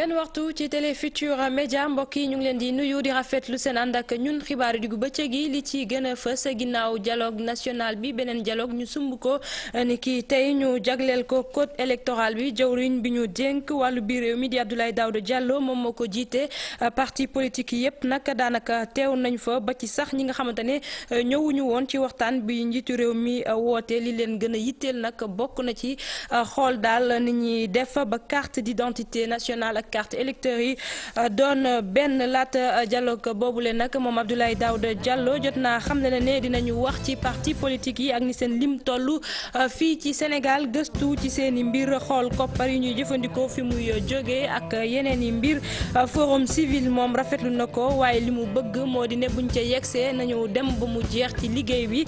benn waxtu ci télé Futurs média mbokk yi ñu ngi leen di nuyu di rafetlu seen ànd ak ñun xibaar diggu bëccëg yi li ci gën a fës ginnaaw dialogue national bi beneen dialogue ñu sumb ko eh, ni kii tey ñu jagleel ko code électoral bi jëwriñ bi ñu jénk wàllu biir réew mi di Abdoulaye Daouda Diallo moom ma ko jiite eh, parti politique yépp nag daanaka teew nañu fa ba ci sax ñi nga xamante ne eh, ñëwuñu woon ci waxtaan bi njiitu réew mi woote li leen gën a yitteel nag bokk na ci xool daal ni ñuy def ba carte d'identité nationale. carte électeur yi euh, doon benn laata boobu euh, boobule nag moom Abdoulaye Daouda jàlloo jot naa xam ne ne dinañu wax ci parti politique yi ak ni seen lim toll euh, fii ci Sénégal gëstu ci seen i mbir xool koppar yi ñuy jëfandikoo fi muy jógee ak yeneen i mbir forum civil moom rafetlu na ko waaye li mu bëgg moo di ne buñ ca yegsee nañu dem ba mu jeex ci liggéey bi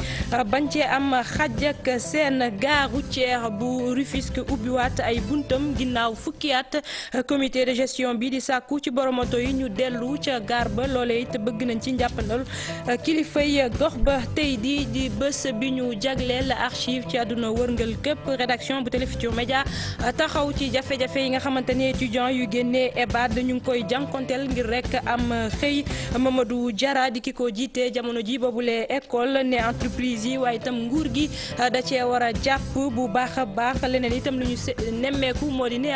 bañ cee am xaj ak seen gare routière bu Rufisque ubbiwaat ay buntam ginnaaw fukki at comité de gestion bi di sàkku ci borom oto yi ñu dellu ca gaar ba loole it bëgg nañ ci njàppandal uh, kilifay gox ba tey di di bés bi ñu jagleel archive ci àdduna wërngal képp rédaction bu Télé Futurs Médias uh, taxaw ci jafe-jafe yi nga xamante ne étudiants yu génnee EBAD ñu ngi koy jànkonteel ngir rek am uh, xëy Mamadou Diarra di ki ko jiite jamono ji boobule école ne entreprise yi waaye itam nguur gi da cee jàpp bu baax baax leneen itam lu ñu nemmeeku moo di ne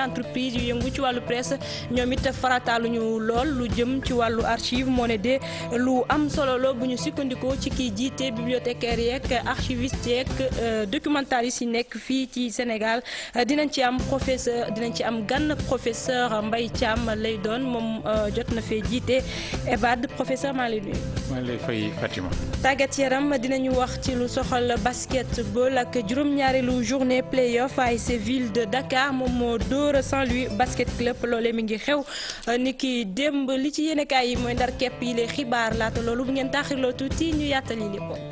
ñoom it farataaluñu lool lu jëm ci wàllu archive moo ne de lu am solo la bu ñu sukkandikoo ci kii jiite bibliothécaire yeeg archiviste yeeg euh, documentariste yi nekk fii ci Sénégal dinañ ci am professeur dinañ ci am gan professeur Mbaye Thiam lay doon moom euh, jot na fee jiite EVAD professeur maa lay nuyu. maa lay wax ci lu soxal basketball ak juróom-ñaareelu journée play-off ASC de Dakar moom moo dóor Saint-Louis basket club loole loolee mi ngi xew euh, ni ki démb li ci yéenekaay yi mooy ndar kepp yi lee xibaar laata loolu bu ngeen taaxirloo tuuti ñu yàttali li bokk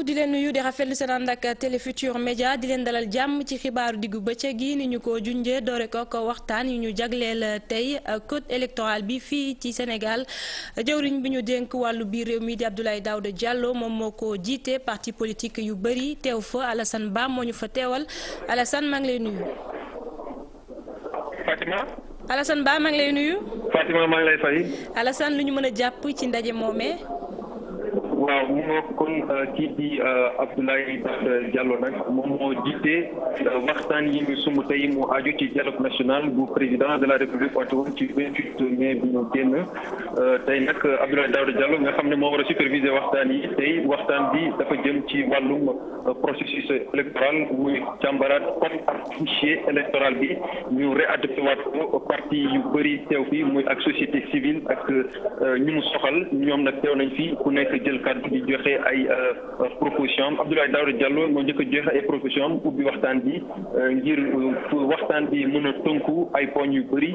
di leen nuyu di rafetlu seen ànd ak Télé Futurs Médias di leen dalal jàmm ci xibaaru diggu bëccëg yi ni ñu ko junjee doore ko ko waxtaan yu ñu la tey code électoral bi fii ci Sénégal jëwriñ bi ñu dénk wàllu biir réew mi di Abdoulaye Daouda jàlloo moom moo ko jiite parti politique yu bëri teew fa Alassane Ba moo ñu fa teewal Alassane maa ngi lay nuyu. Fatima. lay nuyu. Fatima lu ñu mën a jàpp ci ndaje moomee. waaw mu nga kon euh, kii di euh, Abdoulaye Daouda Diallo nag moom moo jiite euh, waxtaan yi ñu sumb tey mu aju ci dialogue national bu président de la république wante woon ci mais huit mai bi ñu génn tey nag Abdoulaye Daouda Diallo nga xam ne moo war a waxtaan yi tey waxtaan bi dafa jëm ci wàllum processus électoral muy càmbaraat comme ak fichier électoral bi ñu réadapté waat ko parti yu bëri teew fi muy ak société civile ak ñu mu soxal ñoom nag teew nañ fi ku nekk xeet joxe ay euh, proposition am Abdoulaye Daouda moo njëkk a joxe ay proposition am ubbi waxtaan bi euh, ngir euh, waxtaan bi mën a tënku ay poñ yu bëri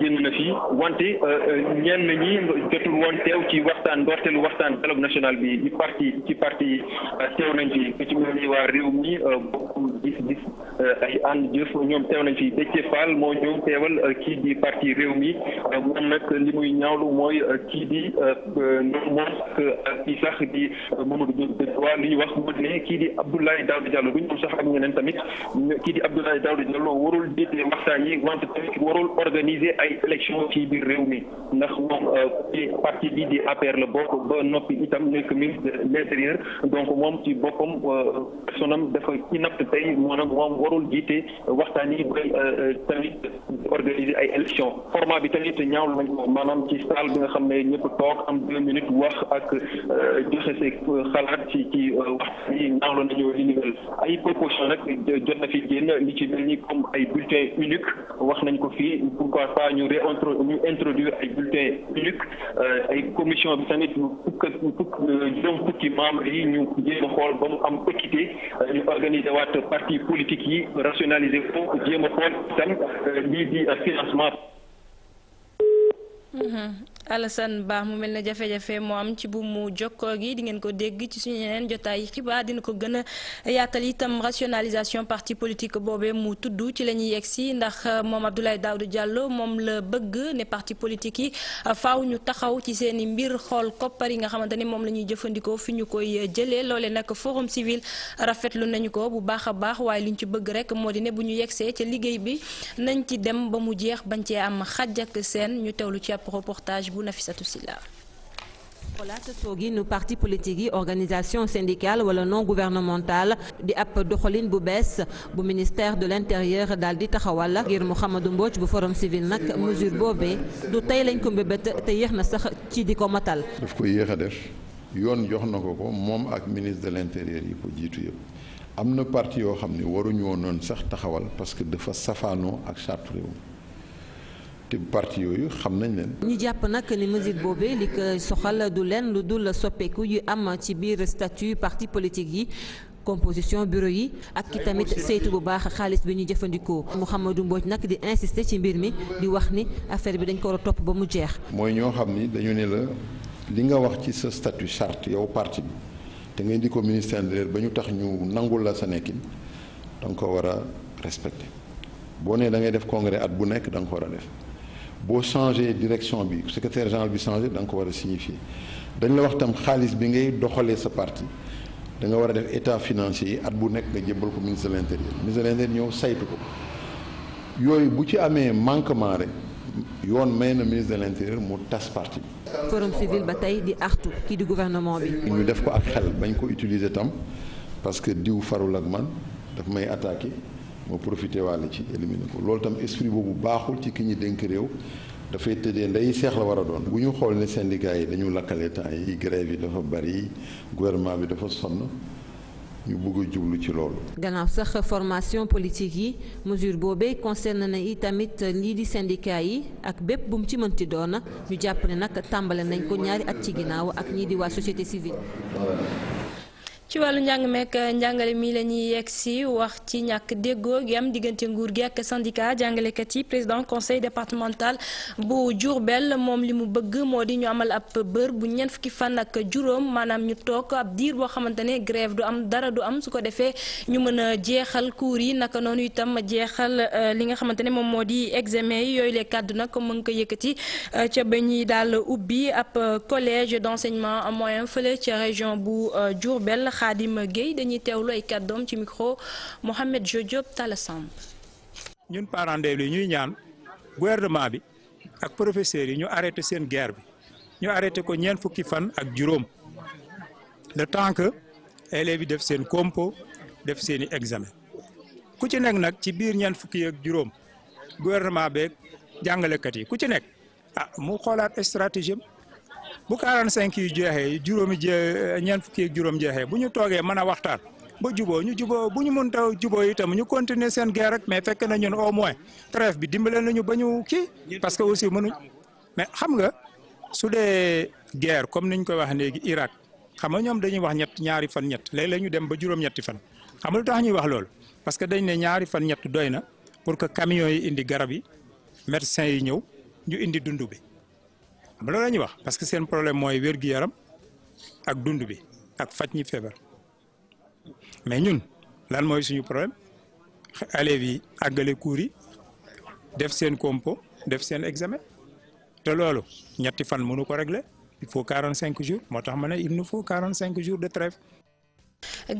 génn na fi wante ñenn ñi jotul woon teew ci waxtaan ndorteelu waxtaan dialogue national bi ci parti ci parti teew nañ fi ku ci mel ni waa réew mi bokk gis-gis ay ànd jëf ñoom teew nañ fi Déthié Fall moo ñëw teewal kii di parti réew mi moom nag li muy ñaawlu mooy kii di moom sax di euh, Mamadou Diop waa li ñu wax moo ne kii di Abdoulaye Daouda Diallo bu ñu sax ak ñeneen tamit kii di Abdoulaye Daouda Diallo warul jiite waxtaan yi wante tamit warul organiser ay élection ci biir réew mi ndax moom ci euh, bi di APR la bokk ba noppi itam nekk ministre de l'intérieur donc moom ci boppam euh, sonam dafa inapt tey maanaam moom warul jiite waxtaan yi bay tamit organiser ay élection format bi tamit ñaawlu nañ ko maanaam ci salle bi nga xam ne ñëpp toog am deux minutes wax ak joxe si xalaat ci ci euh, waxtaan yi ñaawlo nañu li ni ay proposition nag jot na fi génn li ci mel ni comme ay bulletin unique wax nañ ko fii pourquoi pas ñu réintro ñu introduire ay bulletin unique euh, ay commission bi tamit fukk ak fukk euh, juróom membre yi ñu jéem a xool ba mu am équité ñu organiser waat parti politique yi rationaliser ko jéem a xool tam lii di financement mm-hmm. Alassane baax mu mel ne jafe-jafe moo am ci bu mu jokkoo gi di ngeen ko dégg ci suñu yeneen jotaay xibaar dina ko gën a yaatal itam rationalisation parti politique boobee mu tudd ci la ñuy yegsi ndax euh, moom Abdoulaye Daouda Diallo moom la bëgg ne parti politique yi euh, faaw ñu taxaw ci seen i mbir xool koppar yi nga xamante ne moom la ñuy jëfandikoo fi ñu koy euh, jëlee loolee nag forum civil rafetlu nañu ko bu baax a baax waaye li ñu ci bëgg rek moo di ne bu ñu yegsee ca liggéey bi nañ ci dem ba mu jeex bañ cee am xàjj seen ñu teewlu ci ab reportage vous Nafissatou Sylla xalaat sooginu parti politique yi organisation syndicale wala non gouvernementale di ab doxalin bu bees bu ministère de l'intérieur daal di taxawal ngir Mouhamadou Mbodj bu forum civil nag mesure boobee du tey lañ ko mbébét te yéex na sax ci di ko matal. daf ko yéex a def yoon jox na ko ko moom ak ministre de l'intérieur yi ko jiitu yëpp am na parti yoo xam ni waruñu woon noonu sax taxawal parce que dafa safaanoo ak charte réew te parti yooyu xam nañ leen. ñu jàpp nag ni mesure boobee li ko soxal du leen lu dul soppeeku yu am ci biir statut parti politique yi. composition bureau yi ak ki tamit saytu bu baax xaalis bi ñu jëfandikoo Mouhamadou Mbodj nag di insister ci mbir mi di wax ni affaire bi dañ ko war a topp ba mu jeex. mooy ñoo xam ni dañu ne la li nga wax ci sa statut charte yow parti bi te nga indi ko ministère de ba ñu tax ñu nangul la sa nekkin da ko war a respecté boo nee da ngay def congrès at bu nekk da ko war a def. boo changé direction bi secrétaire général bi changé da nga ko war a signifier dañ la wax tam xaalis bi ngay doxalee sa parti da nga war a def état financier yi at bu nekk nga jébbal ko ministre de l' intérieur ministre de l' intérieur ñëw saytu ko yooyu bu ci amee manquement rek yoon may na ministre de l' mu tas parti bi. forum civil ba tey di artu kii di gouvernement bi. ñu def ko ak xel bañ ko utiliser tam parce que diw farul ak man daf may attaqué. moo profité wàll ci éliminé ko loolu tam esprit boobu baaxul ci ki ñi dénk réew dafay tëddee ndey seex la war a doon bu ñu xool ne syndicat yi dañu lakkale temps yi grève yi dafa bari gouvernement bi dafa sonn ñu bëgg a jublu ci loolu. gannaaw sax formation politique yi mesure boobee concerne na i tamit lii di syndicat yi ak bépp bu mu ci mënti doona ñu jàpp ne nag tàmbale nañ ko ñaari at ci ginnaaw ak ñii di waa société civile. ci wàllu njàng meek njàngale mi la ñuy yegg si wax ci ñàkk déggoo gi am diggante nguur gi ak syndicat jàngalekat yi président conseil départemental bu Diourbel moom li mu bëgg moo di ñu amal ab bër bu ñeent fukki fan ak juróom maanaam ñu toog ab diir boo xamante ne grève du am dara du am su ko defee ñu mën a jeexal cours yi naka noonu itam jeexal euh, li nga xamante ne moom moo di examen yi yooyu lee kàdduna nag mu ko yëkkati euh, ca ba yi daal ubbi ab collège d'enseignement moyen fële ca région bu euh, Diourbel Khadim Gueye dañuy teew teewlu ay kàddoom ci micro Mohamed Diop Talla Samb ñun parents d'élèves ñuy ñaan gouvernement bi ak professeur yi ñu arrêté seen guerre bi ñu arrêté ko ñeent fukki fan ak juróom le temps que élèves yi def seen compo def seen i examen ku ci nekk nag ci biir ñeent fukki ak juróom gouvernement beeg jàngalekat yi ku ci nekk ah mu xoolaat stratégie bu 45 yu jeexee juróomi jee ñeent fukki ak juróom jeexe bu ñu toogee mën a waxtaan ba juboo ñu juboo bu ñu mën ta juboo itam ñu continuer seen guerre rek mais fekk na ñun au moins trêve bi dimbale nañu ba ñu kii parce que aussi mënuñ mais xam nga su dee guerre comme ñu koy wax léegi Irak xam nga ñoom dañuy wax ñett ñaari fan ñett léeg-léeg ñu dem ba juróom-ñetti fan xam nga lu tax ñuy wax loolu parce que dañ ne ñaari fan ñett doy na pour que camions yi indi garab yi médecins yi ñëw ñu indi dund bi xam la ñuy wax parce que seen problème mooy wér yaram ak dund bi ak faj ñi feebar mais ñun lan mooy suñu problème élèves yi àggale cours yi def seen compo def seen examen te loolu ñetti fan mënu ko régler fo faut cinq jours moo tax ma ne il nous faut cinq jours de trêve.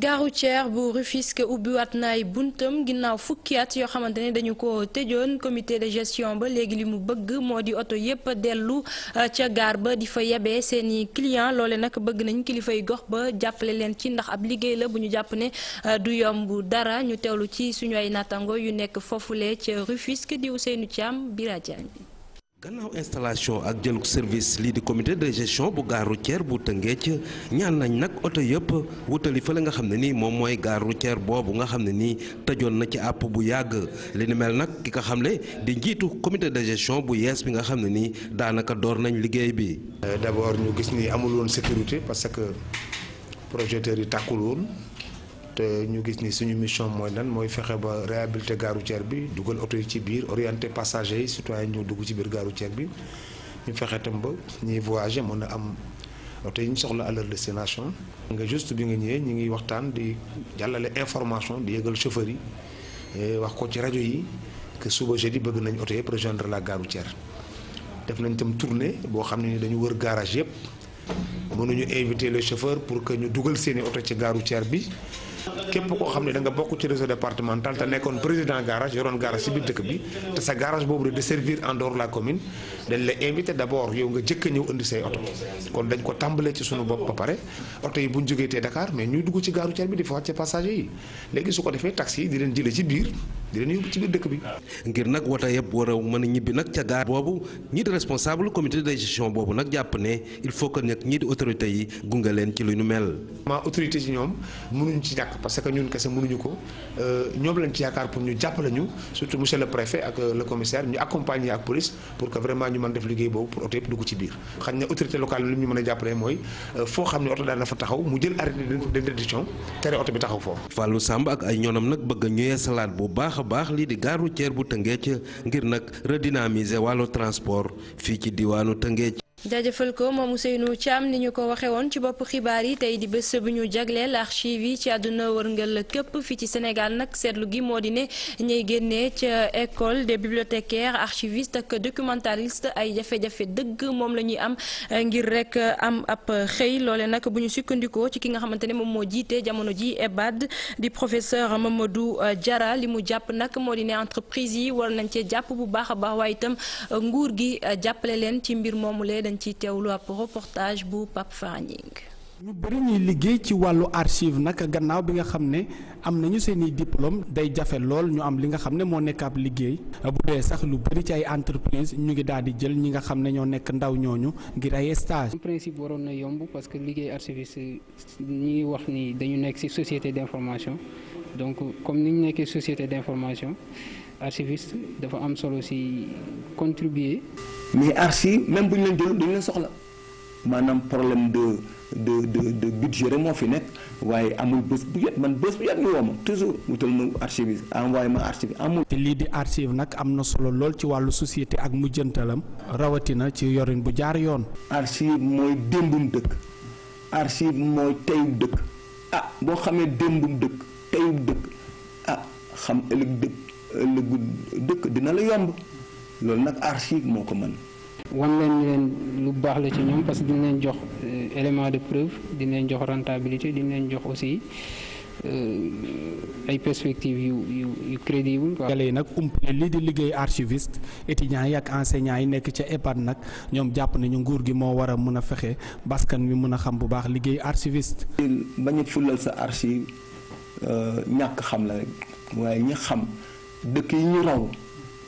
gare routière bu Rufisque ubbiwaat na ay buntam ginnaaw fukki at yoo xamante ne dañu ko tëjoon comité de gestion ba léegi li mu bëgg moo di oto yépp dellu euh, ca gaar ba di fa yebee seeni client loole nag bëgg nañ kilifay gox ba jàppale leen ci ndax ab liggéey la bu ñu jàpp ne euh, du yomb dara ñu teewlu ci suñu ay nattango yu nekk foofule ca Rufisque di Ousseynou Thiam Bira Diagne gannaaw installation ak jël service lii di comité de gestion bu gare routière bu Tëngéej ñaan nañ nag oto yëpp wutali fële nga xam ne nii moom mooy gare routière boobu nga xam ne nii tëjoon na ci àpp bu yàgg li ni mel nag ki nga xam ne di njiitu comité de gestion bu yees bi nga xam ne nii daanaka door nañ liggéey bi. Euh, d'abord ñu gis ni amul woon sécurité parce que projecteurs yi tàkkul woon. ñu gis ni suñu mission mooy lan mooy fexe ba réhabiliter gare routière bi dugal oto yi ci biir orienter passagers yi citoyen ñoo dugg ci biir gaaru routière bi ñu fexe tam ba ñuy voyager mën a am oto yi ñu soxla à leur destination. nga juste bi nga ñëwee ñu ngi waxtaan di jàllale information di yëgal chauffeur yi eh, wax ko ci rajo yi que suba jeudi bëgg nañ oto yëpp rejoindre la gare routière def nañ tam tournée boo xam ne dañu wër garage yëpp mënuñu inviter les chauffeurs pour que ñu dugal seeni oto ci gare routière bi. képp koo xam ne danga bokk ci réseau départemental te nekkoon président garage yoroon garage ci biir dëkk bi te sa garage boobu de servir en dehors la commune dañ la invité d' yow nga jëkk a ñëw indi say oto kon dañ ko tàmbalee ci sunu bopp ba pare oto yi bu ñu jógee tee Dakar mais ñuy dugg ci gaaru cer bi di fa wàcce passager yi léegi su ko defee taxi yi di leen jëlee ci biir di leen ci biir dëkk bi. ngir nag wata yëpp war a mën a ñibbi nag ca gaa boobu ñii di responsable comité de gestion boobu nag jàpp ne il faut que nag ñii di autorités yi gunge leen ci lu ñu mel. vraiment autorité ci ñoom mënuñ ci ñàkk parce que ñun kese mënuñu ko euh, ñoom lañ ci yaakaar pour ñu jàppale ñu surtout monsieur le préfet ak euh, le commissaire ñu accompagner def liggéey boobu pour oto yëpp dugg ci biir. xañ na autorité locale li ñu mën a jàppale mooy euh, foo xam ne oto daan fa taxaw mu jël arrêté d'interdiction tere oto bi taxaw foofu. Fallou Samb ak ay ñoonam nag bëgg ñu yeesalaat bu baax baax baax lii di gare routière bu Tëngéej ngir nag redynamiser wàllu transport fii ci diwaanu Tëngéej jaajëfal ko moom mu Ousseynou am ni ñu ko waxee woon ci bopp xibaar yi tey di bés bu ñu jagleel archive yi ci àdduna wërngal képp fii ci Sénégal nag seetlu gi moo di ne ñuy génnee ca école de bibliothécaires archivistes ak documentalistes ay jafe-jafe dëgg moom la ñuy am eh, ngir rek eh, am ab xëy loole nag bu ñu sukkandikoo ci ki nga xamante ne moom moo jiite jamono ji EBAD di professeur Mamadou eh, Diarra li mu jàpp nag moo di ne entreprise yi war nañ cee jàpp bu baax a baax waaye nguur gi jàppale leen ci mbir moomu lee dañ ciy teewlu ab reportage bu Pape Farning. ñu bëri ñuy liggéey ci wàllu archive nag gannaaw bi nga xam ne am nañu seen i diplôme day jafe lool ñu am li nga xam ne moo nekk ab liggéey bu dee sax lu bëri ci ay entreprise ñu ngi daal di jël ñi nga xam ne ñoo nekk ndaw ñooñu ngir ay stage en principe waroon na yomb parce que liggéey archiviste ñuy wax ni dañu nekk ci société d'information donc comme ni ñu nekkee société d'information. archiviste dafa am solo si contribuer. mais archive même buñ ñu leen jël dañu leen soxla maanaam problème de de de de rek moo fi nekk waaye amul bés bu yet man bés bu yet ñu woo ma toujours wutal ma archiviste envoyé ma archive amul. lii di archive nag am na solo lool ci wàllu société ak mujjantalam rawatina ci yorin bu jaar yoon. archive mooy démbum dëkk archive mooy teyub dëkk ah boo xamee démbum dëkk teyub dëkk ah xam ëllëg dëkk. ëllëgu dëkk dina la yomb loolu nag archive moo ko mën. wan leen lu baax la ci ñoom parce que dina leen jox euh, élément de preuve dina leen jox rentabilité dina leen jox aussi euh, ay perspectives yu yu yu crédible quoi. yi nag umpale lii di liggéey archiviste étudiants yi ak enseignants yi nekk ca EHPAD nag ñoom jàpp nañu nguur gi moo war a mën a fexe baskan wi mën a xam bu baax liggéey archiviste. bañ a fulal sa archive euh, ñàkk xam la rek waaye ñi xam. dëkk yi ñu raw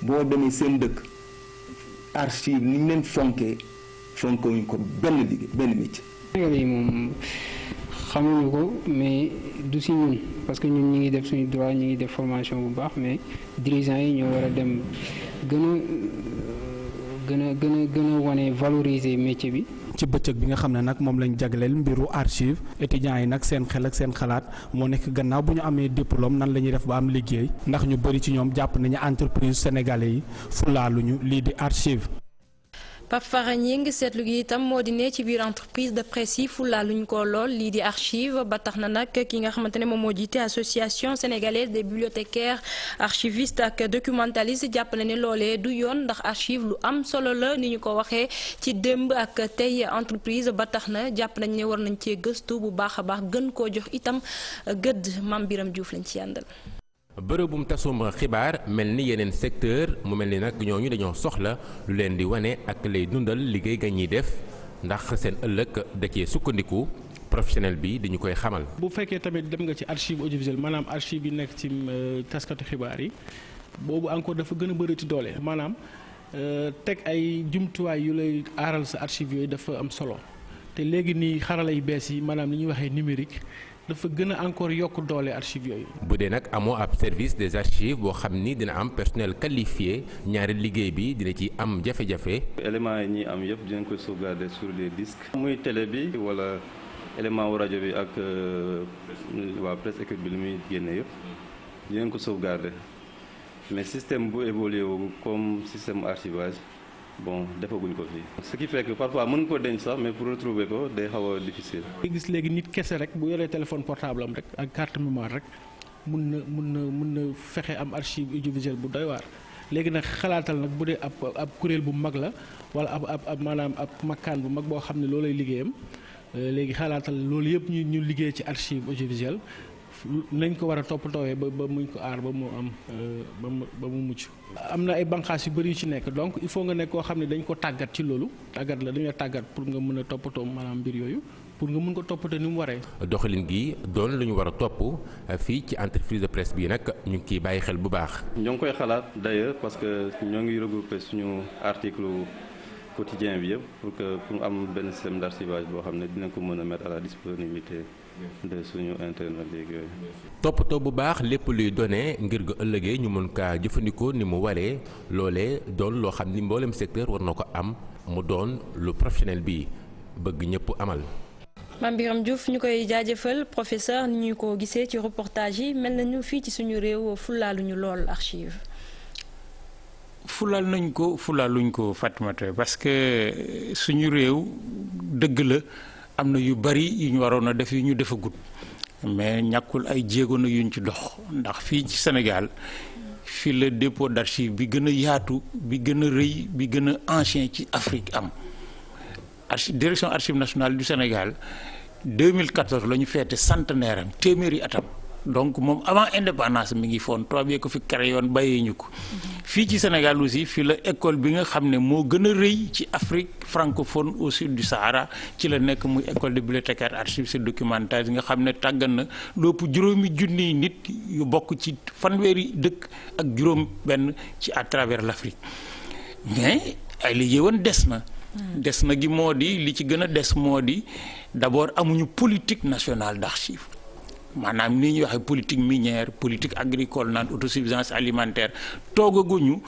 boo demee seen dëkk archive ni ñu leen fonkee fonkewuñ ko benn liggéey benn métier. Sénégalais yi moom xamuñu ko mais du si ñun parce que ñun ñu ngi def suñu droit ñu ngi def formation bu baax mais dirigeants yi ñoo war a dem gën a gën a gën gën a wane valoriser métier bi. ci bëccëg bi nga xam ne nag moom lañ jagleel mbiru archive étudiants yi nag seen xel ak seen xalaat moo nekk gannaaw bu ñu amee diplôme nan la def ba am liggéey ndax ñu bëri ci ñoom jàpp nañu entreprise sénégalais yi ñu lii di archive Pape Fara Gningue seetlu gi itam moo di ci biir entreprise de presse yi fulaa luñ ko lool lii di archive ba tax na nag ki nga xamante ne moom moo jiite association sénégalaise des bibliothécaires archivistes ak documentalistes na ne loolee du yoon ndax archive lu am solo la ni ñu ko waxee ci démb ak tey entreprise ba tax na jàpp nañ ne war nañ cee gëstu bu baax a baax gën koo jox itam gëdd Mame Biram Diouf lañ ci yàndal bërëbum tasum xibaar mel ni yeneen secteur mu mel ni nag ñooñu dañoo soxla lu leen di wane ak lay dundal liggéey ga ñuy def ndax seen ëllëg da sukkandiku professionnel bi dañu koy xamal. bu fekkee tamit dem nga ci archive audiovisuelle maanaam archive yi nekk ci euh, taskatu xibaar yi boobu encore dafa gën a bëri doole maanaam euh, teg ay jumtuwaay yu lay aaral sa archive yooyu dafa am solo te léegi nii xarala yu bees yi maanaam li ñuy waxee numérique. dafa gën a encore yokk doole archives yooyu. bu dee nag amoo ab service des archives boo xam ni dina am personnel qualifié ñaari liggéey bi dina ci am jafe-jafe. éléments yi ñuy am yëpp dinañ ko sauvegarder sur les disques. muy télé bi wala élément wu rajo bi ak euh, waa presse écrite bi li muy génne yëpp dinañ ko sauvegarder mais système bu évolué comme système archivage. bon defaguñ ko fii ce qui fait que parfois mën nga koo denc sax mais pour retrouver ko day xaw a gis léegi nit kese rek bu yoree téléphone portable rek ak carte mémoire rek mun na mun na mun na fexe am archive audiovisuelle bu doy waar. léegi nag xalaatal nag bu dee ab ab kuréel bu mag la wala ab ab ab maanaam ab makkaan bu mag boo xam ne loolay liggéeyam euh, léegi xalaatal loolu yëpp ñu ñu liggéey ci archive audiovisuelle lañ ko war a toppatoowee ba ba muñ ko aar ba mu am euh, ba ba mu mucc. am na ay banqaas yu bëri yu ci nekk donc il faut nga nekk koo xam ne dañ ko tàggat ci loolu tàggat la dañu la tàggat pour nga mën a toppatoo maanaam mbir yooyu. pour nga mën ko toppatoo ni mu waree. doxalin gi doon lu ñu war a topp euh, fii ci entreprise de presse bii nag ñu ngi ciy bàyyi xel bu baax. ñoo ngi koy xalaat d'ailleurs parce que ñoo ngi regroupé suñu article quotidien bi yëpp pour que pour am benn système d'archivage boo xam ne dina ko mën a mettre la disponibilité. de suñu internet bu baax lépp luy donné ngir ga ëllëgee ñu mën kaa jëfandikoo ni mu waree loolee doon loo xam ni mboolem secteur war na ko am mu doon lu professionnel bi bëgg ñëpp amal. Mame Birame Diouf ñu koy jaajëfal professeur ni ñu ko gisee ci reportage yi mel nañu fii ci suñu réew ñu lool archive. fulaal nañ ko fulaaluñ ko Fatimata parce que suñu réew dëgg la. am na yu bari yu ñu waroon a def yu ñu defagut mais ñàkkul ay jéego na yuñ ci dox ndax fii ci Sénégal fii la dépôt d'archive bi gën a yaatu bi gën a rëy bi gën a ancien ci Afrique am archi direction archive nationale du Sénégal 2014 la ñu feete centenaire am téeméeri atam. donc moom avant indépendance mi ngi foon tubaab yee ko fi créé yoon bàyyee ñu ko. fii ci Sénégal aussi fii la école bi nga xam ne moo gën a rëy ci Afrique francophone au sud du Sahara ci la nekk muy école de bibliothécaire archives et documentaire yi nga xam ne tàggat na lopp juróomi junniy nit yu bokk ci fanweeri dëkk ak juróom benn ci à travers l'Afrique mais ay li yëwoon des na. des na gi moo di li ci gën a des moo di d'abord amuñu politique nationale d'archives. maanaam ni ñu waxee politique minière politique agricole naan autosuffisance alimentaire toogaguñu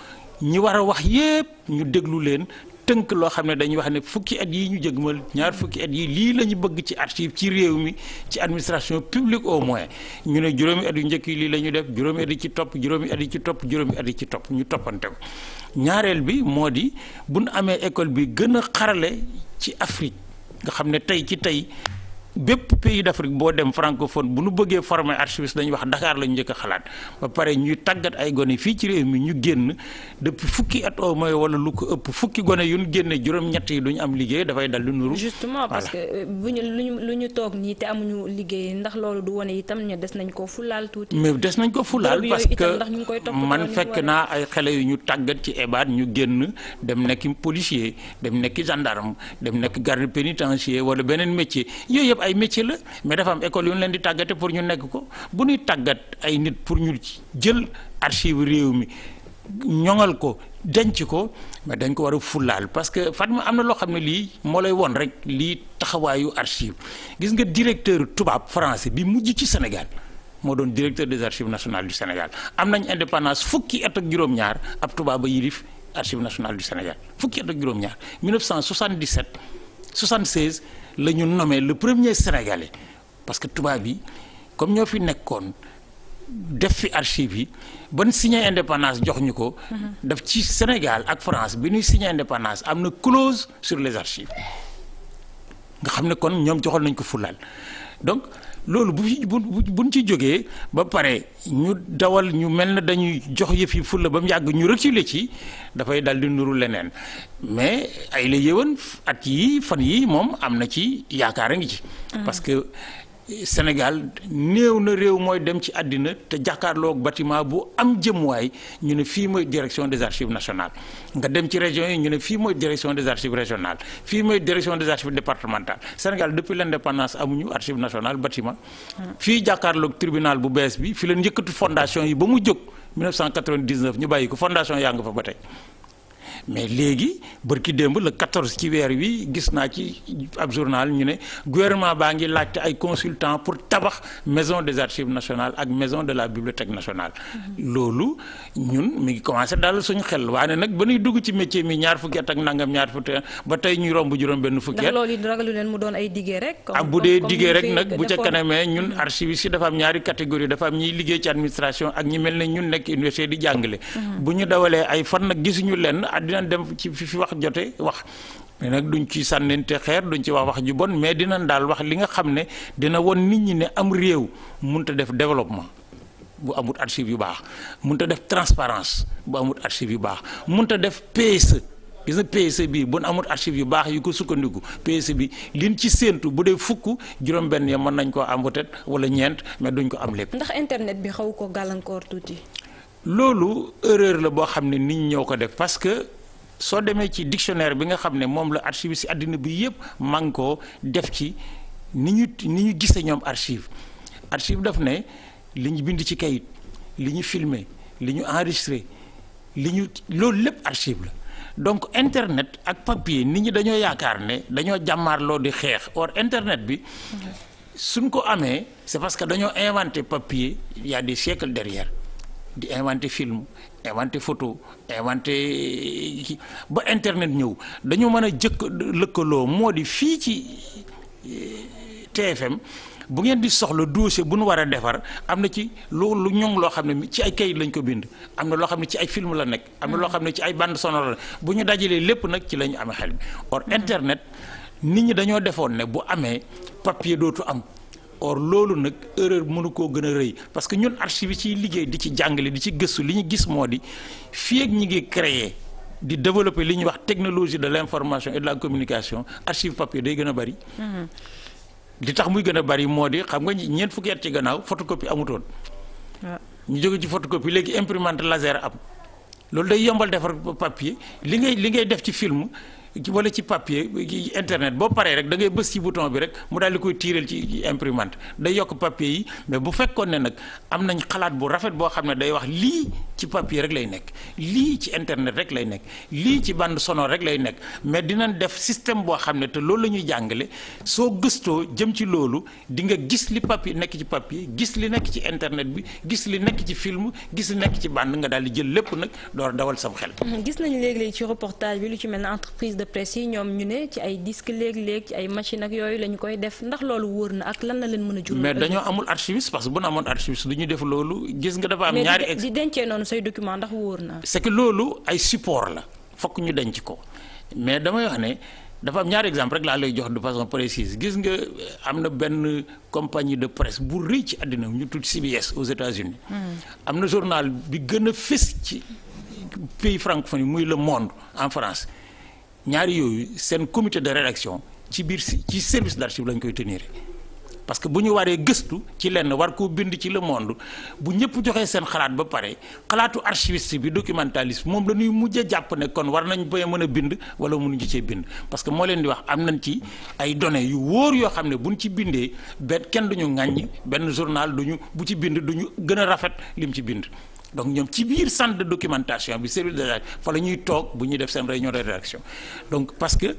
ñi war a wax yépp ñu déglu leen tënk loo xam ne dañuy wax ne fukki at yi ñu jëgmal ñaar fukki at yi lii la ñu bëgg ci archive ci réew mi ci administration publique au moins ñu ne juróomi at yu njëkk lii la ñu def juróomi at yi ci topp juróomi at yi ci topp juróomi at yi ci topp ñu toppante ñaareel bi moo di bu nu amee école bi gën a xarale ci Afrique nga xam ne tey ci tey bépp pays d' Afrique boo dem francophone bu nu bëggee former archiviste dañuy wax Dakar la ñu njëkk xalaat ba pare ñuy tàggat ay gone fii ci réew mi ñu génn dëpp fukki at au moins wala lu ko ëpp fukki gone yu ñu génne juróom-ñett yi du ñu am liggéey dafay dal lu nuru. justement parce que euh, bu ñu lu ñu toog nii te amuñu liggéey ndax loolu du wane itam ñu des nañ ko fulaal tuuti. mais des nañ ko fulaal parce que man fekk naa ay xele yu ñu tàggat ci ebaat ñu génn dem nekk policier dem nekk gendarme dem nekk garde pénitentiaire wala beneen métier yooyu yëpp ay métier la mais dafa am école yu ñu leen di tàggate pour ñu nekk ko bu ñuy tàggat ay nit pour ñu jël archive réew mi ñoŋal ko denc ko mais dañ ko war a fulaal parce que Fatma am na loo xam ne lii moo lay woon rek lii taxawaayu archive gis nga directeur tubaab francais bi mujj ci Sénégal moo doon directeur des archives nationales du Sénégal am nañ indépendance fukki at ak juróom-ñaar ab tubaab a yilif archives nationales du Sénégal fukki at ak juróom-ñaar 1977 la ñu nommé le premier sénégalais parce que tubaab yi comme ñoo fi nekkoon def fi archive yi ban signé indépendance jox ñu ko. Mhm. daf ci Sénégal ak France bi ñuy signé indépendance am na clause sur les archives nga xam ne kon ñoom joxoon nañ ko fulaal donc. loolu bu fi bu buñ ci jógee ba pare ñu dawal ñu mel na dañuy jox yëf yi fulla ba mu yàgg ñu reculer ci dafay dal di nuru leneen mais ay la at yi fan yi moom am na ci yaakaar a ngi ci ah. parce Sénégal néew na réew mooy dem ci àddina te jàkkaarlook bâtiment bu am waay ñu ne fii mooy direction des archives nationales nga dem ci région yi ñu ne fii mooy direction des archives régionales fii mooy direction des archives départementales Sénégal depuis l'indépendance amuñu archive nationale bâtiment fii jàkkaarloog tribunal bu bees bi fi la njëkkatu fondation yi ba mu jóg 1999 ñu bàyyi ko fondation yaa nga fa ba tey mais léegi bërki démb le 14 ci weer wi gis naa ci ab journal ñu ne gouvernement baa ngi laajte ay consultant pour tabax maison des archives nationales ak maison de la bibliothèque nationale. loolu ñun mu ngi commencé dal suñu xel waane nag ba nuy dugg ci métier mi ñaar fukki at ak nangam ñaar fukki at ba tey ñuy romb juróom-benn fukki at. ndax mu doon ay diggé rek. ak ah, bu dee diggé rek nag bu ca kanamee ñun mm-hmm. archivistes yi dafa am ñaari catégorie dafa am ñiy liggéey ci administration ak ñi mel ne ñun nekk université di jàngale. Mm-hmm. dinañ dem ci fi wax jote wax mais nag duñ ci sànnente xeer duñ ci wax wax ju bon mais dina daal wax li nga xam ne dina won nit ñi ne am réew mun mënta def développement bu amut archive yu baax mënta def transparence bu amut archive yu baax mënta def PSE gisa nga PSE bi bu amut archive yu baax yi ko sukkandiku PSE bi liñ ci séentu bu dee fukk juróom-benn ya mën nañ koo am peut-être wala ñeent mais duñ ko am lépp. ndax internet bi xaw ko gàllankoor tuuti. loolu erreur la boo xam ne nit ñoo ko def soo demee ci dictionnaire bi nga xam ne moom la archive si àddina bi yëpp man koo def ci ni ñu ni ñu gisee ñoom archive archive daf ne li ñu bind ci kayit li ñu filmer li ñu enregistré li ñu loolu lépp archive la donc internet ak papier nit ñi dañoo yaakaar ne dañoo jàmmaarloo di xeex or internet bi mm-hmm. suñ ko amee c'est parce que dañoo inventer papier y a des siècles derrière di inventé film inventé photo inventé ba internet ñëw dañu mën a jëkk lëkkaloo moo di fii ci eh, TFM bu ngeen di soxla dossier bu nu war a defar am na ci lu lu ñoŋ loo xam ne ci ay kayit lañ ko bind am na loo xam ne ci ay film la nekk. am na loo xam ne ci ay bande sonore la bu ñu dajalee lépp nag ci lañu ñu amee xel bi. or internet nit ñi dañoo defoon ne bu amee papier dootu am. or loolu nag erreur mënu koo gën a rëy parce que ñun archive yi ciy liggéey di ci jàngale di ci gëstu li ñu gis moo di fii ak ñi ngi créer di développer li ñuy wax technologie de l'information et de la communication archive papier day gën a bari. Mhm. li tax muy gën a bari moo di xam nga ñeent fukki at ci gannaaw photocopie amutoon. ñu jóge ci photocopie léegi imprimante laser am loolu day yombal defar papier li ngay li ngay def ci film. wala ci papier ci internet boo paree rek da ngay bës ci bouton bi rek mu daal koy tiiral ci imprimante day yokk papier yi mais bu fekkoon ne nag am nañ xalaat bu rafet boo xam ne day wax lii ci papier rek lay nekk lii ci internet rek lay nekk lii ci bande sonore rek lay nekk mais dina def système boo xam ne te loolu la ñuy jàngale soo gëstoo jëm ci loolu di nga gis li papier nekk ci papier gis li nekk ci internet bi gis li nekk ci film gis li nekk ci daal di jël lépp nag door dawal sam de presse yi ñoom ñu ne ci ay disque léeg-léeg ci ay machine ak yooyu la ñu koy def ndax loolu wóor na ak lan la leen mën a jur mais dañoo amul archiviste parce que amoon archiviste du ñu def loolu gis nga dafa am ñaari la fokk ñu denc ko mais damay wax ne exemple rek laa lay jox de façon précise gis nga euh, am na benn compagnie de presse bu rëy ci àddina ñu tudd CBS aux États-Unis hmm. am na journal bi gën a fës ci pays francophone muy Le Monde en France ñaari yooyu seen comité de rédaction ci biir ci service d'archive lañ koy tenire parce que bu ñu waree gëstu ci lenn war koo bind ci le monde bu ñëpp joxee seen xalaat ba pare xalaatu archiviste bi documentaliste moom la ñuy mujj jàpp ne kon war nañ ba mën a bind wala mënuñu cee bind parce que moo leen di wax am nañ ci ay données yu wóor yoo xam ne buñ ci bindee benn kenn duñu ŋàññ benn journal duñu bu ci bind duñu gën a rafet lim ci bind donc ñoom ci biir centre de documentation bi service de fa la ñuy toog bu ñuy def seen réunion de rédaction donc parce que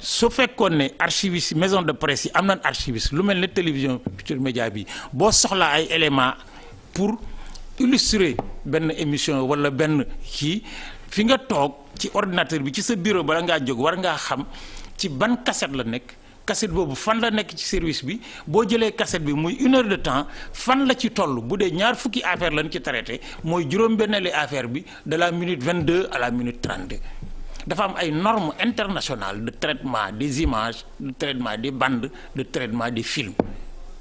su fekkoon ne archiviste maison de presse yi am nañ archiviste lu mel ne télévision Futurs Médias bi boo soxlaa ay éléments pour illustrer benn émission wala benn kii fi nga toog ci ordinateur bi ci sa bureau bala ngaa jóg war ngaa xam ci ban cassette la nekk. cassette boobu fan la nekk ci service bi boo jëlee cassette bi muy une heure de temps fan la ci toll bu dee ñaar fukki affaire lañ ci traité mooy juróom-benneeli affaire bi de la minute vingt à la minute 32. dafa am ay normes internationales de traitement de images de traitement des bandes de traitement des films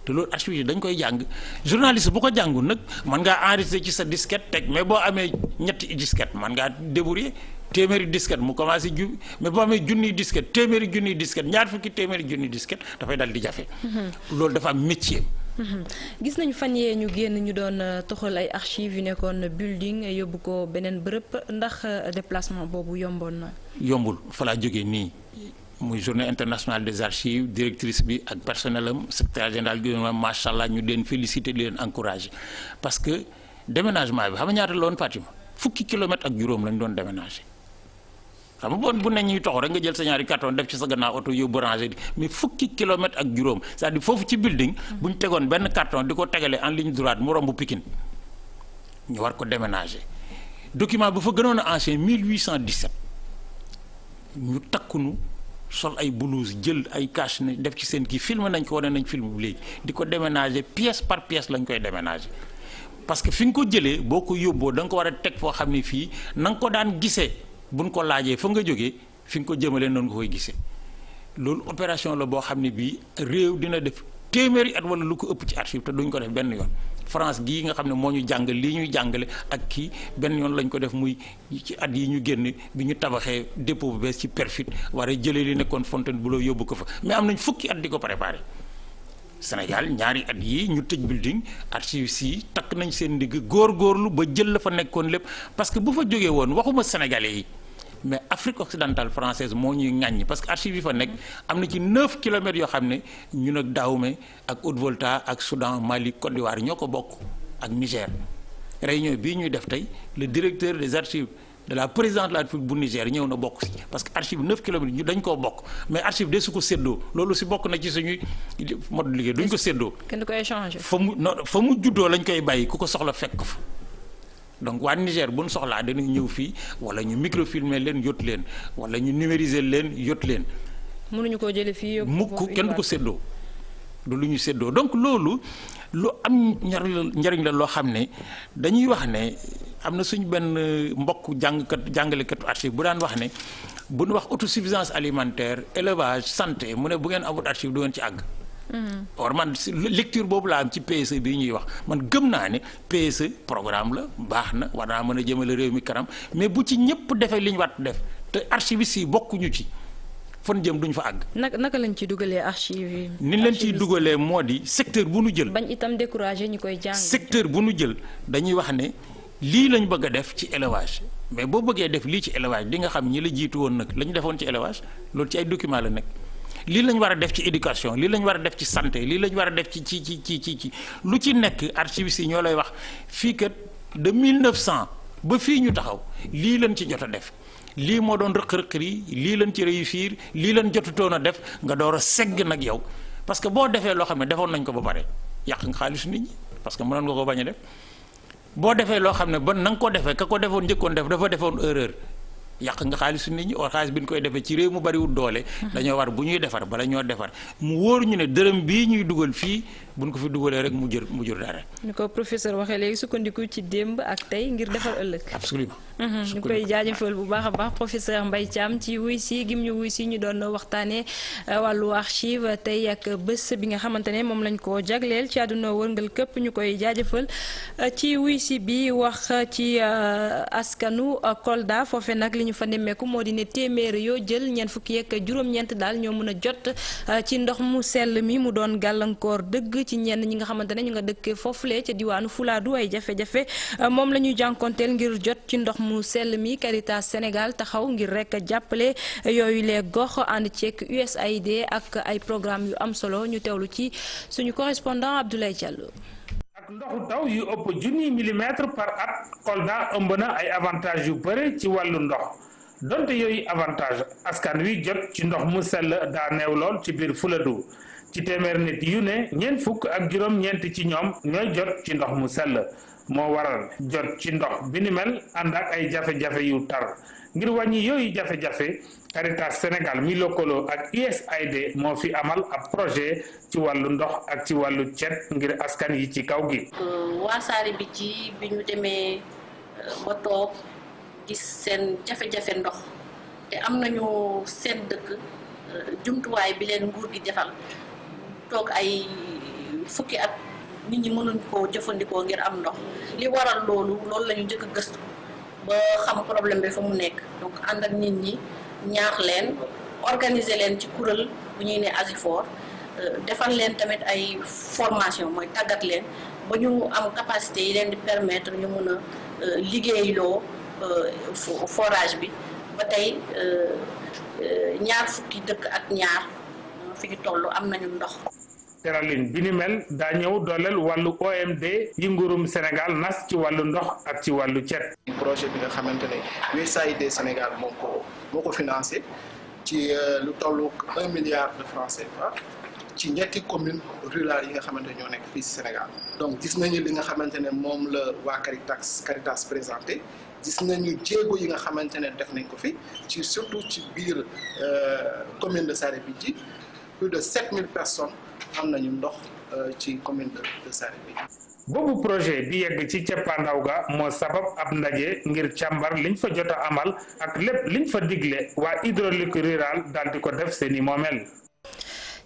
te loolu archives dañ koy jàng journaliste bu ko jàngul nag mën ngaa enregistrer ci sa disquette teg mais boo amee ñetti disquette mën ngaa débrouiller téeméeri disquette mu commencé ju mais boo amee junniy disquette téeméeri junniy disquette ñaar fukki téeméeri junniy disquette dafay dal di jafe. Mm-hmm. loolu dafa am métier mm-hmm. gis nañu fan yee ñu génn ñu doon euh, toxal ay archives yu nekkoon building yóbbu ko beneen bërëb ndax euh, déplacement boobu yomboon na. yombul falaa jóge nii. muy journée international des archives directrice bi ak personnel am secrétaire général du gouvernement macha allah ñu leen féliciter di leen encourager parce que déménagement bi xam nga ñaata la woon Fatima fukki kilomètres ak doon déménager. xam nga bu ne ñuy tox rek nga jël sa ñaari carton def ci sa gannaaw oto yóbbu rangé mais fukki kilomètre ak juróom cest à foofu ci building. Mm. bu ñu tegoon benn carton di ko tegale en ligne droite mu romb Pikine ñu war ko déménager document bu fa gënoon a ancien 1817 ñu takkunu sol ay blouse jël ay cache ne def ci seen kii film nañ ko wane nañ film bu léegi di ko déménager pièce par pièce lañ koy déménager. parce que fi nga ko jëlee boo ko yóbboo danga ko war a teg foo xam ne fii na nga ko daan gisee. buñ ko laajee foo nga jógee fi nga ko jëmalee noonu nga koy gisee loolu opération la boo xam ne bii réew dina def téeméeri at wala lu ko ëpp ci archive te duñ ko def benn yoon France gii nga xam ne moo ñu jàngal lii ñuy jàngale ak kii benn yoon lañ ko def muy ci at yi ñu génn bi ñu tabaxee dépôt bu bees ci perfit war a jëlee li nekkoon Fontainebleau yóbbu ko fa mais am nañ fukki at di ko préparé. Sénégal ñaari at yi ñu tëj building archives si takk nañ seen ndigg góor góorlu ba jël la fa nekkoon lépp parce que bu fa jógee woon waxuma sénégalais yi. mais Afrique occidentale française moo ñuy ŋàññ parce que archive yi fa nekk am na ci 9 kilomètres yoo xam ne ñun ak Dahomey ak Haute-Volta ak Soudan Mali Côte d'Ivoire ñoo ko bokk ak Niger. réunion bii ñuy def tey le directeur des archives de la présidence de la République bu Niger ñëw na bokk si parce que archive 9 kilomètres ñu dañ koo bokk mais archive de su ko séddoo loolu si bokk na ci suñuy mode liggéey duñ ko séddoo. kenn du fa mu fa mu juddoo lañ koy bàyyi ku ko soxla fekk fa. donc waa Niger bu ñu soxlaa danañ ñëw fii wala ñu microfilmer leen yót leen wala ñu numériser leen yót leen. mënuñu koo jëlee fii mukk kenn du ko séddoo. du lu ñu séddoo donc loolu lu am njariñ la loo xam ne dañuy wax ne am na suñu benn mbokk jàngkat jàngalekatu archive bu daan wax ne bu ñu wax autosuffisance alimentaire élevage santé mu ne bu ngeen amul archive du ngeen ci àgg. Mm. or man lecture boobu laa am ci PSE bii ñuy wax man gëm naa ne ps e programme la baax na war naa mën a jëmale réew mi kanam mais bu ci ñëpp defee li ñu def te archiviste yi bokkuñu ci fan jëm duñ fa àgg. naka naka lañ ciy dugalee archive yi. ni leen ciy dugalee moo di secteur bu nu jël. bañ itam découragé ñu koy jàng. secteur bu nu jël dañuy wax ne lii lañ bëgg a def ci élevage mais boo bëggee def lii ci élevage di nga xam ñi la jiitu woon nag la defoon ci élevage loolu ci ay document la nekk. lii lañ war a def ci éducation lii lañ war a def ci santé lii lañ war a def ci ci ci ci ci ci lu ci nekk archiviste yi ñoo lay wax fii kat de 1900 ba fii ñu taxaw lii lañ ci jot a def. lii moo doon rëq-rëq yi lii lañ ci réussir lii lañ jotutoon a def nga door a segg nag yow parce que boo defee loo xam ne defoon nañ ko ba pare yàq nga xaalisu nit ñi parce que mënoon nga ko bañ a def boo defee loo xam ne ba na koo defee ka ko defoon njëkkoon def dafa defoon erreur. yàq nga xaalisu nit ñi or xaalis bi ñu koy defee ci réew mu bariwul doole. dañoo war bu ñuy defar bala ñoo defar mu wóor ñu ne dërëm bii ñuy dugal fii buñ ko fi dugalee rek mu jër mu jur dara. ni ko professeur waxee léegi sukkandiku ci démb ak tey ngir defar ëllëg. absolument Mmh. ñu koy jaajëfal bu baax a baax professeur Mbaye Thiam ci wuy si gim ñu wuy si ñu doon waxtaanee euh, wàllu archive tey ak bés bi nga xamante ne moom lañ ko jagleel ci àdduna wërngal këpp ñu koy jaajëfal euh, ci wuy si bi wax ci euh, askanu Kolda foofe nag li ñu fa nemmeeku moo di ne téeméer yoo jël ñeent fukki yekk juróom-ñeent daal ñoo mën a jot ci ndox mu sell mi mu doon gàllankoor dëgg ci ñenn ñi nga xamante ne ñu nga dëkk foofulee ca diwaanu Fulaadu ay jafe-jafe moom la ñuy ngir jot ci ndox mu mu sell mi Caritas Sénégal taxaw ngir rek jàppale yooyu les gox ànd ceeg USAID ak ay programme yu am solo ñu teewlu ci suñu correspondant Abdoulaye Diallo. ak ndoxu taw yu ëpp junni millimètre par at Kolda ëmb na ay avantages yu bëri ci wàllu ndox donte yooyu avantage askan wi jot ci ndox mu sell daa neew lool ci biir Fuladu ci téeméer nit yu ne ñeent fukk ak juróom-ñeent ci ñoom ñooy jot ci ndox mu sell. moo waral jot ci ndox bi ni mel ay jafe-jafe yu tar ngir wàññi yooyu jafe-jafe Caritas Sénégal mi lëkkaloo ak USAID moo fi amal ab projet ci wàllu ndox ak ci wàllu cet ngir askan yi ci kaw gi. Euh, waasaare bi ci bi ñu demee euh, ba toog gis seen jafe-jafe ndox te am nañu seen dëkk euh, jumtuwaay bi leen nguur gi defal toog ay fukki at. nit ñi mënuñ koo jëfandikoo ngir am ndox li waral loolu loolu la ñu njëkk a gëstu ba xam problème bi fa mu nekk donc ànd ak nit ñi ñaax leen organiser leen ci kuréel bu ñuy ne ASIFOR euh, defal leen tamit ay formation mooy tàggat leen ba ñu am capacité yi leen di permettre ñu mën a euh, liggéeyloo euh, forage bi ba tey ñaar fukki dëkk ak ñaar fi ñu toll am nañu ndox. teraline bi ni mel daa ñëw dooleel wàllu OMD yi nguurum Sénégal nas ci wàllu ndox ak ci wàllu cet. projet bi nga xamante ne USAID Sénégal moo ko moo ko financé ci euh, lu tollu un milliard de francs CFA ci ñetti commune rurale yi nga xamante ñoo nekk fii Sénégal donc gis nañu li nga xamante ne moom la waa Caritas Caritas présenté gis nañu jéego yi nga xamante ne def nañ ko fi ci surtout ci biir euh, commune de Saré Bidji plus de 7000 personnes am nañu ndox euh, ci commune de Saré bi boobu projet bi yegg ci cappaandaw ga moo sabab ab ndaje ngir càmbar liñ fa jot a amal ak lépp liñ fa digle waa hydraulique rural daal di ko def seeni moomeel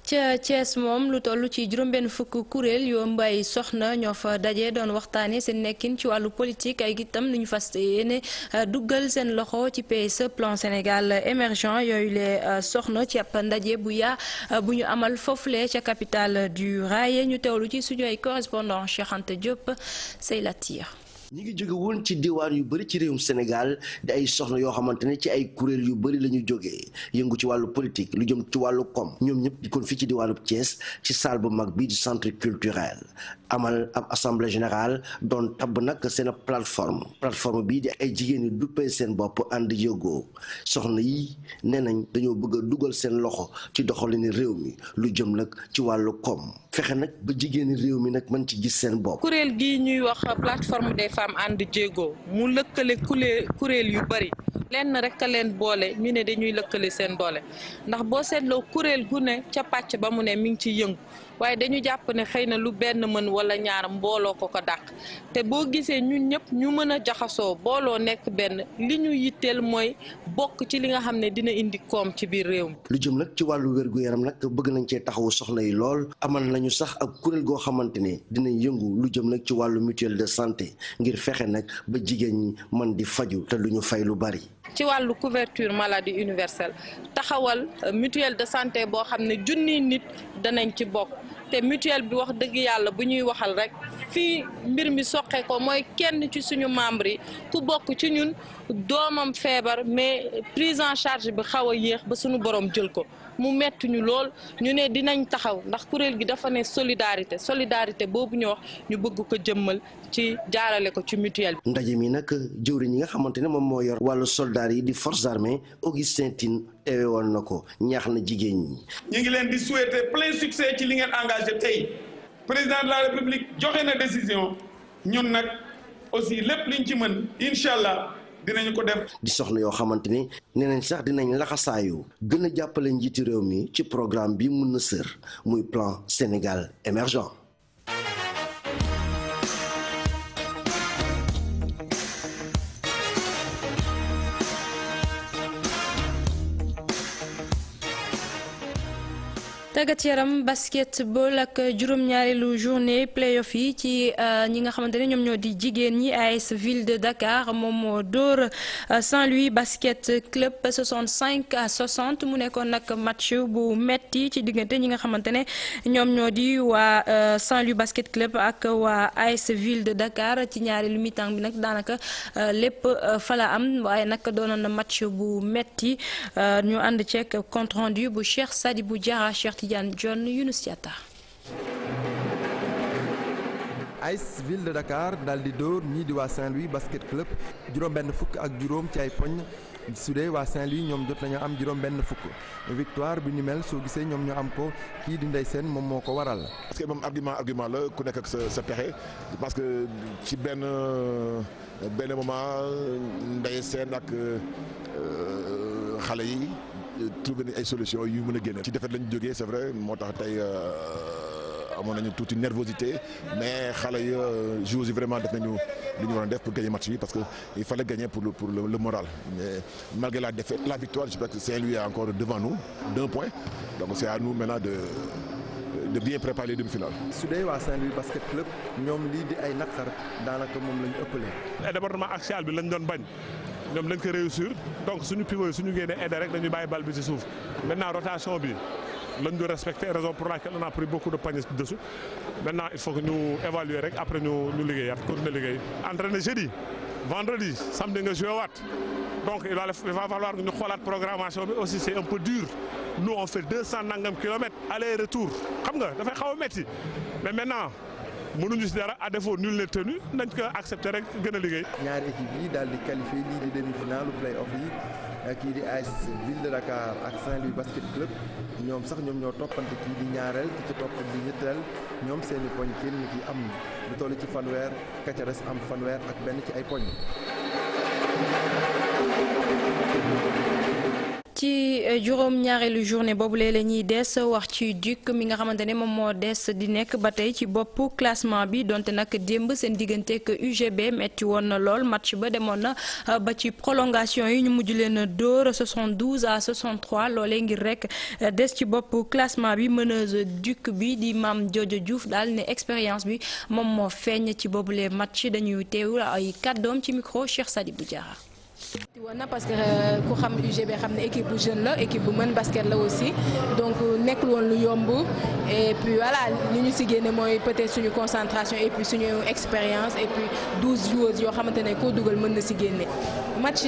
ca Thiès moom lu toll ci juróom fukk kuréel yoo mbay soxna ñoo fa daje doon waxtaanee seen nekkin ci wàllu politique ay itam lu ñu fas yéene euh, duggal seen loxo ci PSE plan Sénégal émergent yooyu le euh, soxna ci ndaje bu yaa euh, bu ñu amal foofule ca capitale du rail ñu teewlu ci suñu ay correspondant Cheikh Anta Diop Seylatir ñi ngi jóge woon ci diwaan yu bëri ci réewum Sénégal di ay soxna yoo xamante ne ci ay kuréel yu bëri la ñu jógee yëngu ci wàllu politique lu jëm ci wàllu koom ñoom ñëpp kon fii ci diwaanub cees ci salle bu mag bii du centre culturel amal ab assemblée générale doon tab nag seen plateforme plateforme bii di ay jigéen yu duppee seen bopp ànd yëgoo soxna yi nee nañ dañoo bëgg a dugal seen loxo ci doxalinu réew mi lu jëm nag ci wàllu koom fexe nag ba jigéeni réew mi nag mën ci gis seen bopp. kuréel gi ñuy wax plateforme des femmes ànd jéego mu lëkkale kuréel yu bari lenn rek a leen boole ñu ne dañuy lëkkale seen doole ndax boo seetloo kuréel gu ne ca pàcc ba mu ne mi ngi ciy yëngu waaye dañu wala ñaar mbooloo ko ko dàq te boo gisee ñu ñëpp ñu mën a jaxasoo booloo nekk benn li ñu yitteel mooy bokk ci li nga xam ne dina indi koom ci biir réew mi. lu jëm nag ci wàllu wér yaram nag bëgg nañ cee taxawu soxla yi lool amal nañu sax ak kuréel goo xamante ne dinañ yëngu lu jëm nag ci wàllu mutuelle de santé ngir fexe nag ba jigéen ñi man di faju te lu ñu fay lu bari. ci wàllu couverture maladie universelle taxawal mutuelle de santé boo xam ne junniy nit danañ ci bokk. te mutuelle bi wax dëgg yàlla bu ñuy waxal rek fii mbir mi soqe ko mooy kenn ci suñu membre yi ku bokk ci ñun doomam feebar mais prise en charge bi xaw a yéex ba suñu borom jël ko mu metti ñu lool ñu ne dinañ taxaw ndax kuréel gi dafa ne solidarité solidarité boobu ñu wax ñu bëgg ko jëmmal ci jaarale ko ci mutuelle bi. ndaje mi nag jëwriñ ñi nga xamante ne moom moo yor wàllu soldats yi di forces armées Augustin Tine teewe woon na ko ñaax na jigéen ñi. ñu ngi leen di souhaiter plein succès ci li ngeen engagé tey président de la république joxe na décision ñun nag aussi lépp liñ ci mën incha allah. dinañ ko def. di soxna yoo xamante ni nee nañ sax dinañ laxasaayu gën a jàppale njiitu réew mi ci programme bi mun na sër muy plan Sénégal émergent. tàggat yaram basketball ak juróom-ñaareelu journée playoff yi ci euh, ñi nga xamante ne ñoom ñoo di jigéen ñi AS Ville de Dakar moom moo dóor euh, Saint-Louis basket club 65 à 60 mu nekkoon nag match bu metti ci diggante ñi nga xamante ne ñoom ñoo di waa euh, Saint-Louis basket club ak waa AS Ville de Dakar ci ñaareelu mi-temps bi nag daanaka lépp fala am waaye nag doonoon na match bu metti ñu ànd ceeg compte rendu bu Cheikh Sadibou Diarra Cheikh Tidiane John Younous Diatta AS Ville de Dakar daal di dóor ñii di waa Saint-Louis basket club juróom benn fukk ak juróom ci ay poñ su dee waa Saint-Louis ñoom jot nañu am juróom benn fukk victoire bi ni mel soo gisee ñoom ñoo am ko kii di Ndeye seen moom moo ko waral. parce moom argument argument la ku nekk ak sa sa pexe parce que ci benn benn moment Ndeye Sène ak euh, xale yi. trouvé nañ ay solution yu mën a génne ci defet lañu jógee c'est vrai moo tax tey euh, amoon nañu tuuti nervosité mais xale yi joueurs yi vraiment def nañu lu ñu war def pour gagner match bi parce que il fallait gagner pour le pour malgré la défaite la victoire je pense que Saint-Louis est encore devant nous d'un point donc c'est à nous maintenant de de bien préparer les demi-finales. su dee waa Saint-Louis basket club ñoom lii di ay naqar daanaka moom la ëpp ëppalee. département axial bi lañ doon bañ. ñoom dañ ko réussir donc suñu pivot suñu génnee aide rek dañuy bàyyi bal bi ci suuf maintenant rotation bi lañ du respecté raison pour laquelle on a pris beaucoup de paniers dessus maintenant il faut que ñu évaluer rek après ñu ñu liggéeyaat continuer liggéey entraîner jeudi vendredi samedi nga joué waat donc il va il va ñu xoolaat programmation bi aussi c' un peu dur nous on fait nangam kilomètres aller retour xam nga dafay xaw a métti mais maintenant mënuñu si dara à défaut nul n'est tenu nañ ko accepté rek gën a liggéey. ñaari équipe yi daal di qualifié lii di demi-finale play off yi kii di AS Ville de ak Saint-Louis Basket Club ñoom sax ñoom ñoo toppante kii di ñaareel ki ci topp bi ñetteel ñoom seeni poñ kenn ki am lu toll ci fanweer ka ca am fanweer ak benn ci ay poñ. ci eh, juróom ñaareelu journée boobu lee la ñuy des wax ci DUC mi nga xamante ne moom moo des di nekk ba tey ci bopp classement bi donte nag démb seen digganteeg UGB metti woon na lool match ba demoon na eh, ba ci prolongation yi ñu mujj leen dóor 72 à 63 loolee ngir rek eh, des ci bopp classement bi meneuse DUC bi di maam Jojo Diouf daal ne expérience bi moom moo feeñ ci boobu lee match dañuy teewul ay kàddoom ci micro Cheikh Sadibou Diarra woon na parce que euh, ku xam UGB xam ne équipe bu jeune la équipe bu mën basket la aussi donc euh, nekkul woon lu yomb et puis voilà li ñu si génne mooy peut suñu concentration et suñu expérience et puis douze joueurs yoo xamante ne koo dugal mën na si génne. match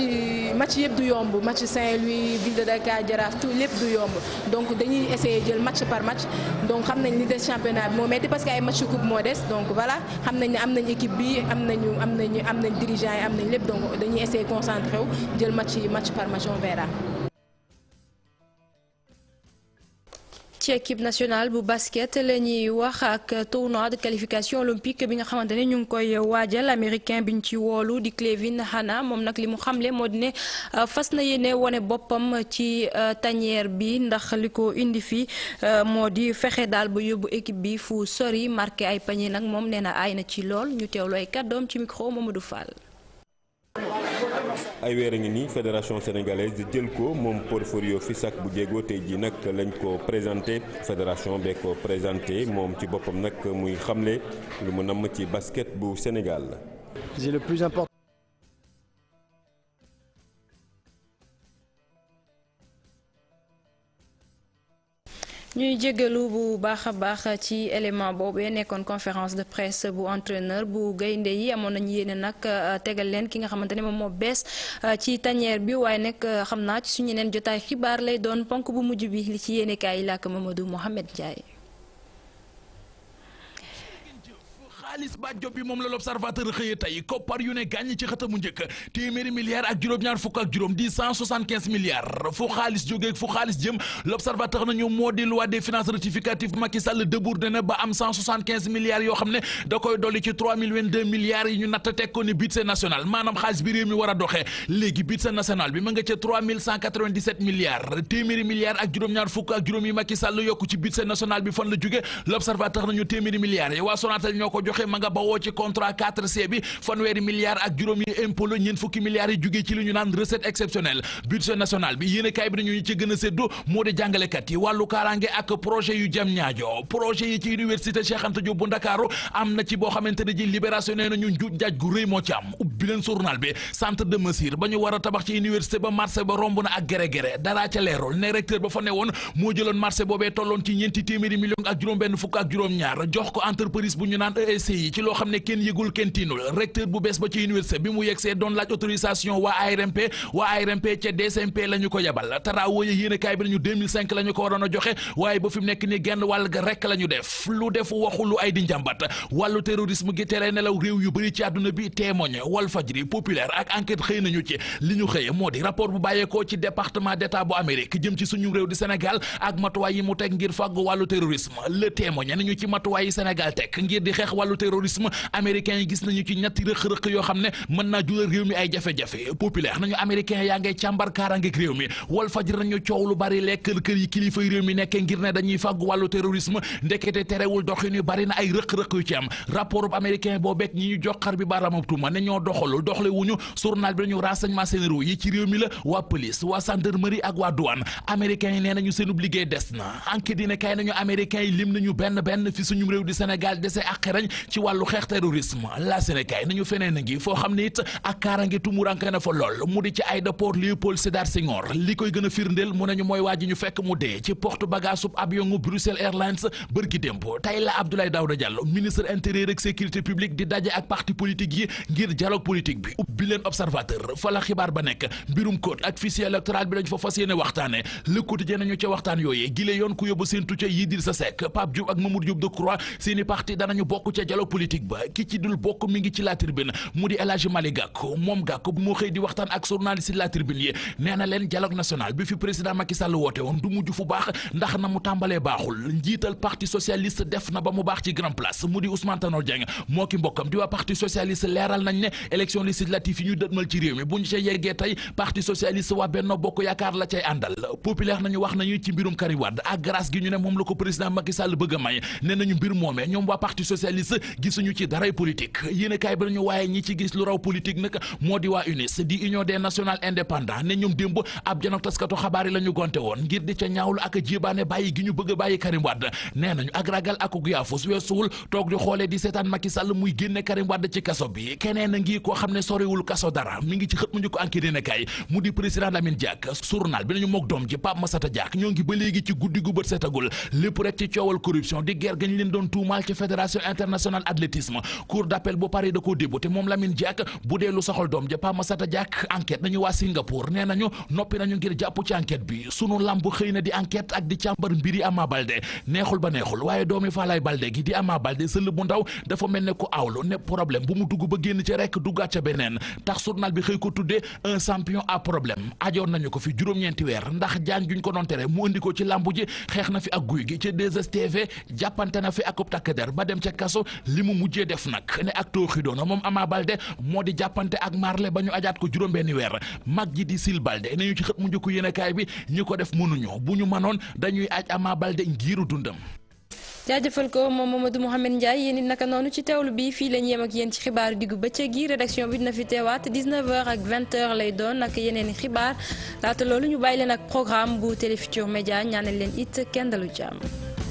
match yëpp du yomb match Saint-Louis ville de Dakar Jaraaf tout lépp du yomb donc dañuy essayer jël match par match donc xam nañ ni des championnat bi moo metti parce que ay match coupe moo des donc voilà xam nañ am nañ équipe bi am nañu am nañu am nañ dirigeant yi am nañ lépp donc dañuy essayer jël match yi match par match on ci équipe nationale bu basket la ñuy wax ak tournoi de qualification olympique bi nga xamante ne ñu ngi koy waajal américain bi ñu ci woolu di Clevin Hana moom nag li mu xamle moo di ne euh, fas na yéene wone boppam ci euh, tanière bi ndax li ko indi fii euh, moo di fexe daal ba yóbbu équipe bi fu sori marqué ay panier nag moom nee na aay na ci lool ñu teewlooy kàddoom ci micro Mamadou Fall. ay weer a ngi nii fédération sénégalaise di jël ko moom Porfirio Fisac bu Diego tey jii nag lañ ko présenté fédération bee ko présenté moom ci boppam nag muy xamle lu mu namm ci basket bu Sénégal. c'est ñuy jégalu bu baax a baax ci élément boobu nekkoon conférence de presse bu entraîneur bu gaynde yi amoon nañu yéene nag euh, tegal leen ki nga xamante ne moom moo bees euh, ci tanière bi waaye nag euh, xam naa ci suñu yeneen jotaay xibaar lay doon ponk bu mujj bi li ci yéene kaay yi làkk Mamadou Mohamed Ndiaye. xaalis bàjjo bi moom la l'observateur xëye tey koppar yu ne gàññ ci xëtamu njëkk téeméeri milliards ak juróom-ñaar fukk ak juróom yi ñu natt teg a doxee ci budget national bi fan la jóge l'observateur nañu téeméeri milliards yi waa Sonatel ñoo ko joxe joxe ma nga bawoo ci contrat 4C bi fanweeri milliards ak juróom yi impôt ñeent fukki milliards yi jugee ci li ñu naan recette exceptionnelle budget national bi yéen a bi nañu ci gën a moo di jàngalekat yi wàllu kaaraange ak projet yu jam ñaajo projet yi ci université Cheikh Anta bu Ndakaaru am na ci boo xamante ne ji libération nee nañu njuuj njaaj gu rëy moo ci am ubbi leen journal bi centre de mesure ba ñu war a tabax ci université ba marché lycée yi ci loo xam ne kenn yëgul kenn tiinul recteur bu bees ba ci université bi mu yegsee doon laaj autorisation waa ARMP waa ARMP ca DCMP la ñu ko yebal taraawooye la ñu ko waroon a joxe waaye ba fi mu nekk ni genn wàll ga rek la ñu def lu def waxu lu ay di njàmbat wàllu terrorisme gi tere nelaw réew yu bëri ci àdduna bi témoigne Walfadjri populaire ak enquête xëy nañu ci li ñu xëye moo di rapport bu bàyyeekoo ci département d'état bu Amérique jëm ci suñu réew di Sénégal ak matuwaay yi mu teg ngir fàggu wàllu terrorisme le témoigne nañu ci matuwaay yi Sénégal teg ngir di xeex terrorisme américains yi gis nañu ci ñetti rëq-rëq yoo xam ne mën na jural réew mi ay jafe-jafe populaire nañu américains yaa ngay càmbar kaarangek réew mi wal fajir nañu coow lu bari lekkal kër yi kilifa yi réew mi nekkee ngir ne dañuy fàggu wàllu terrorisme ndekete terewul doxin yu bari na ay rëq-rëq yu ci am rapport bu américain boo bekk ñi ñu jox xar bi baaraamam tuuma ne ñoo doxalul doxle wuñu journal bi nañu renseignement généraux yi ci réew mi la waa police waa gendarmerie ak waa douane américains nee nañu seen liggéey des na enquête dina kay nañu américains yi lim nañu benn benn fi suñu réew di Sénégal dese ak xerañ ci wàllu xeex terrorisme la Sénégal nañu feneen ngi foo xam ne it ak kaarange tumuranke na fa lool mu di ci aéroport Léopold Sédar Senghor li koy gën a firndeel mu nañu mooy waa ji ñu fekk mu dee ci porte bagage sub avion Bruxelles Airlines bërki démb tey la Abdoulaye Daouda Diallo ministre intérieur ak sécurité publique di daje ak parti politique yi ngir dialogue politique bi ubbi leen observateur fa la xibaar ba nekk mbirum code ak fichier électoral bi lañ fa fas yéene waxtaane le quotidien nañu ca waxtaan yooyee gile yoon ku yóbbu seen tucca Idrissa Seck Pape dialogue politique ba ki ci dul bokk mi ngi ci la tribune mu di El Hadj Malick Gakou moom Gakou moo xëy di waxtaan ak journaliste la tribune yi nee na leen dialogue national bi fi président Macky Sall woote woon du mujj fu baax ndax na mu tàmbalee baaxul njiital parti socialiste def na ba mu baax ci grand place mu di Ousmane Tanor Dieng moo ki mbokkam di waa parti socialiste leeral nañ ne élection législative yi ñu dëtmal ci réew mi bu ñu ca yeggee tey parti socialiste la cay àndal a may gisuñu ci daray politique yéen a kaay bi nañu waaye ñi ci gis lu raw politique nag moo di waa UNIS di union des nationales indépendants ne ñoom démb ab janok taskatu xabaar yi la gonte woon ngir di ca ñaawlu ak jébaane bàyyi gi ñu bëgg bàyyi Karim Wade nee nañu ak ragal ak guyaafus weesuwul toog di xoolee di seetaan Macky muy génne Karim Wade ci kaso bi keneen a ngi koo xam ne soriwul kaso dara mi ngi ci xët mu ñu ko enquête mu di président naan athlétisme cour d'appel bu Paris da koo débouté moom Lamine Diack bu dee lu soxal doom ja na ba neexul waaye doomi Falaye bu ndaw dafa mel ne ba génn ci rek duggaat ca beneen tax journal bi xëy ko tuddee un champion à ko fi juróom-ñeenti weer ndax jaan juñ ko doon tere mu indi na fi ak guy gi na fi ak takk der ba dem ca kaso li mu mujjee def nag ne ak tooxi doona moom Ama Balde moo di jàppante ak Marley ba ñu ajaat ko juróom-benni weer mag ji di Sil Balde nañu ci xët mu njëkku yéenekaay bi ñu ko def mënuñu bu ñu manoon dañuy aj Ama Balde ngiiru dundam jaajëfal ko moom moom Mamadou Mouhamed Ndiaye yéen it naka noonu ci teewlu bi fii lañ yem ak yéen ci xibaaru diggu bëccëg gi rédaction bi dina fi teewaat 19h ak 20h lay doon ak yeneen i xibaar laata loolu ñu bàyyi leen ak programme bu Télé Futurs Médias ñaanal leen it kenn dalu jàmm